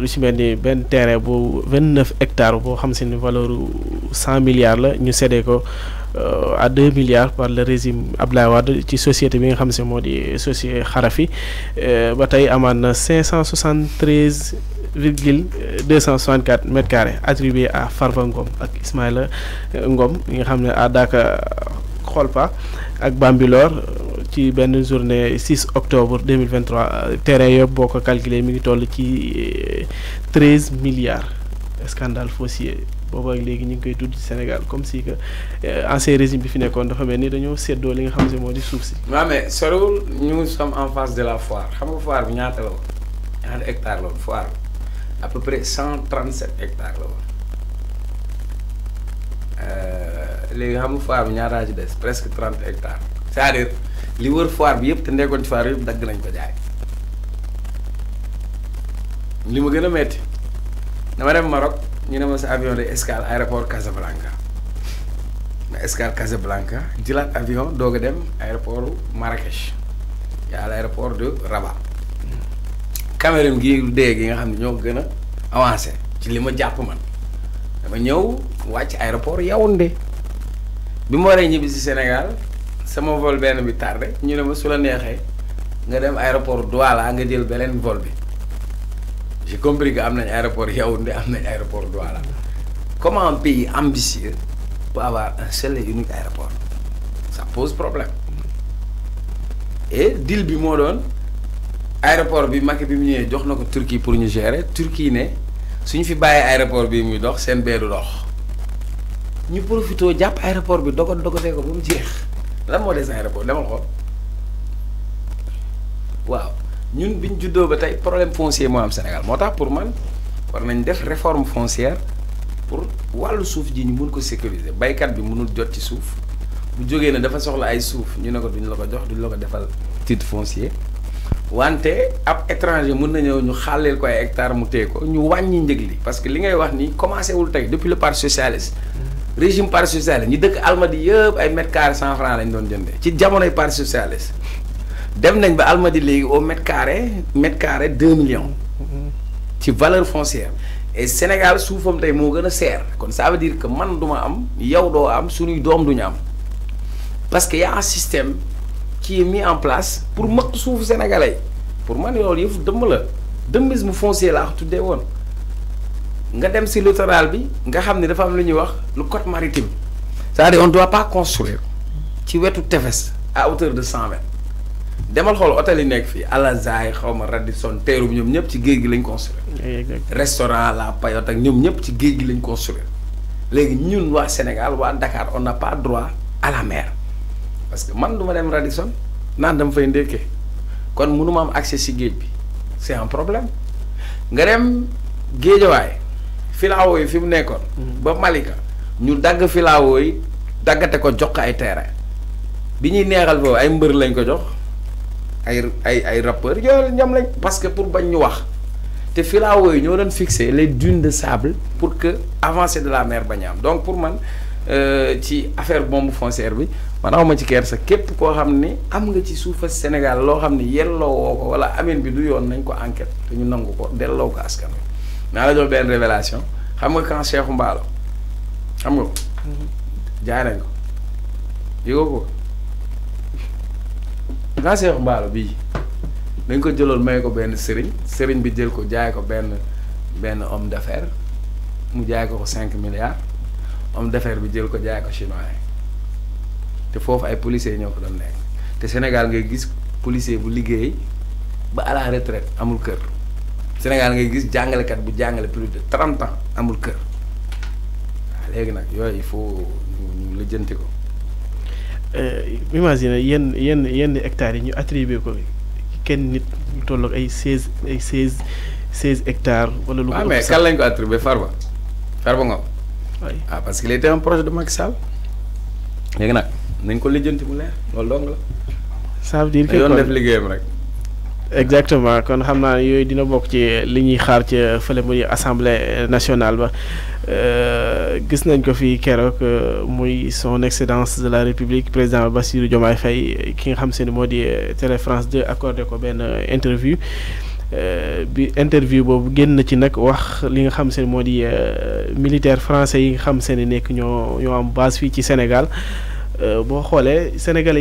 lu ci mel ni benn terrain bu vingt neuf hectares boo xam si ni valeur cent milliards la ñu séddee ko euh, à deux milliards par le régime Abdoulaye Wade ci société bi nga xam si moo di société xarafi euh, ba tey amaan na cinq cent soixante treize virgule deux cent soixante quatre mètres carrés attribué à Farba ak Ismaïla Ngom yi nga xam ne à Daaka Xolpa ak Bambilor ci une journée 6 octobre 2023 euh, terrain yëpp boo calculé mi ngi toll ci 13 euh, milliards scandale faussier boobu ak léegi ñu ngi koy tudd Sénégal comme si que euh, ces régime bi fi nekkoon dafa mel ni dañoo li nga xam mais nous sommes en face de la foire xam nga foire bi ñaata la woon hectare la foire à peu près 137 hectares la woon léegi foire bi ci des presque 30 hectares c'est-à-dire. li wër foire bi yëpp te ndeegoon ci foire yëpp dagg nañ ko jaay li ma gën a metti dama dem Maroc ñu ne ma sa avion de escale aéroport Casablanca ma escale Casablanca jëlaat avion doog a dem aéroport Marrakech yaa l' aéroport de Rabat Cameroun gii lu dee gi nga xam ne ñoo gën a avancé ci li ma jàpp man dama ñëw wàcc aéroport Yaoundé bi ma waree ñibbi si Sénégal. sama vol benn bi tardé ñu né ma su la nexé nga dem aéroport Douala nga jël benen vol bi j'ai compris que amnañ aéroport Yaoundé am nañ aéroport Douala comment un pays ambitieux peut avoir un seul et unique aéroport ça pose problème et deal bi mo doon aéroport bi maké bi mu ñëwee jox nako Turquie pour ñu gérer Turquie né suñu fi bayé aéroport bi muy dox sen bédu dox ñu profito japp aéroport bi dogot dogotee ko bu mu jeex Nous avons des problèmes fonciers xool problème foncier Sénégal pour moi, nous avons def réforme foncière pour walu le ji ñu sécuriser bi jot ci bu nous ne dafa soxla ay suuf ñu ne ko duñ la ko jox duñ des ab étranger hectares parce que commencé depuis le parc socialiste régime parti socialiste ñu dëkk almadi yëpp ay mètre carré 100 francs lañ doon jëndee ci jamonoy parti socialiste dem nañ ba almadi léegi au mètre carré mètre carré deux millions ci valeur foncière et Sénégal suufam tey moo gën a seer kon ça veut dire que man duma am yow doo am suñuy doom duñu am parce que y a un système qui est mis en place pour maq suufu sénégalais pour man loolu yëfu dëmm la dëmmisme foncier laa tuddee woon nga dem ci littoral bi nga xamni dafa am luñu wax lu côte maritime c'est-à-dire on doit pas construire ci wetu tefes à hauteur de 120 demal xol hôtel yi nekk fi ala xaw ma Radisson terum ñoom ñep ci géej gi lañ construire restaurant La Payotte ak ñoom ñëpp ci géej gi lañ construire légui ñun wa Sénégal wa Dakar on n'a pas droit à la mer parce que man du dem Radisson nan dama fay ndéké kon mënu ma am accès ci géej bi c'est un problème nga dem géejawaay filaawo yi fi mu mhm. ba Malika ñu dag filaawo yi daggate ko jox ay terrain bi ñuy neexal foofu ay mbeur lañ ko jox ay ay ay rappeurs yooyu ñam lañ. parce que pour bañ ñu wax té filaawo yi ñoo leen fixer les dunes de sable pour que avancer de la mer bañ am donc pour man euh ci affaire bombe foncière bi man awma ci sa képp ko xam am nga ci soufa Sénégal lo xam yello yelloo ko wala amin bi du yoon nañ ko enquête te ñu nangu ko delloo ko askan naa la doon benn révélation xam nga quand Mbaalo xam nga ko. Mm-hmm. jaay nañ ko yëgoo ko quand Mbaalo bii dañ ko jëlool may ko benn sëriñ sëriñ bi jël ko jaay ko benn benn homme d'affaires mu jaay ko ko cinq milliards homme d'affaires bi jël ko jaay ko chinois te foofu ay policiers ñoo ko doon nekk te Sénégal ngay gis policier bu liggéey ba à la retraite amul kër. Sénégal ngay gis kat bu jàngale plus de 30 ans amul kër waaw ah, léegi nag yooyu il faut ñu lëjënti ko. Euh, imagine yenn yenn yenn hectares yi ñu attribuer ko kenn nit ñu tolloog ay 16 ay 16 16 hectares. wala lu ko ah, mais kan lañ ko attribuer Farba Farba nga ah parce qu'il était un projet de Macky Sall. léegi nag nañ ko lijjanti mu leer loolu dong la. ça veut dire que yoon def liggéeyam rek. exactement kon xam naa yooyu dina bokk ci li ñuy xaar ci fële muy assemblée nationale ba euh, gis nañ ko fi keroog euh, muy son excellence de la république président Bassirou Diomaye fay ki nga xam se ni moo di euh, Télé France 2 accordé ko benn interview bi interview boobu génn na ci nag wax li nga xam se ni moo di militaire français yi nga xam se ni nekk ñoo ñoo am base fii ci Sénégal boo xoolee sénégalais.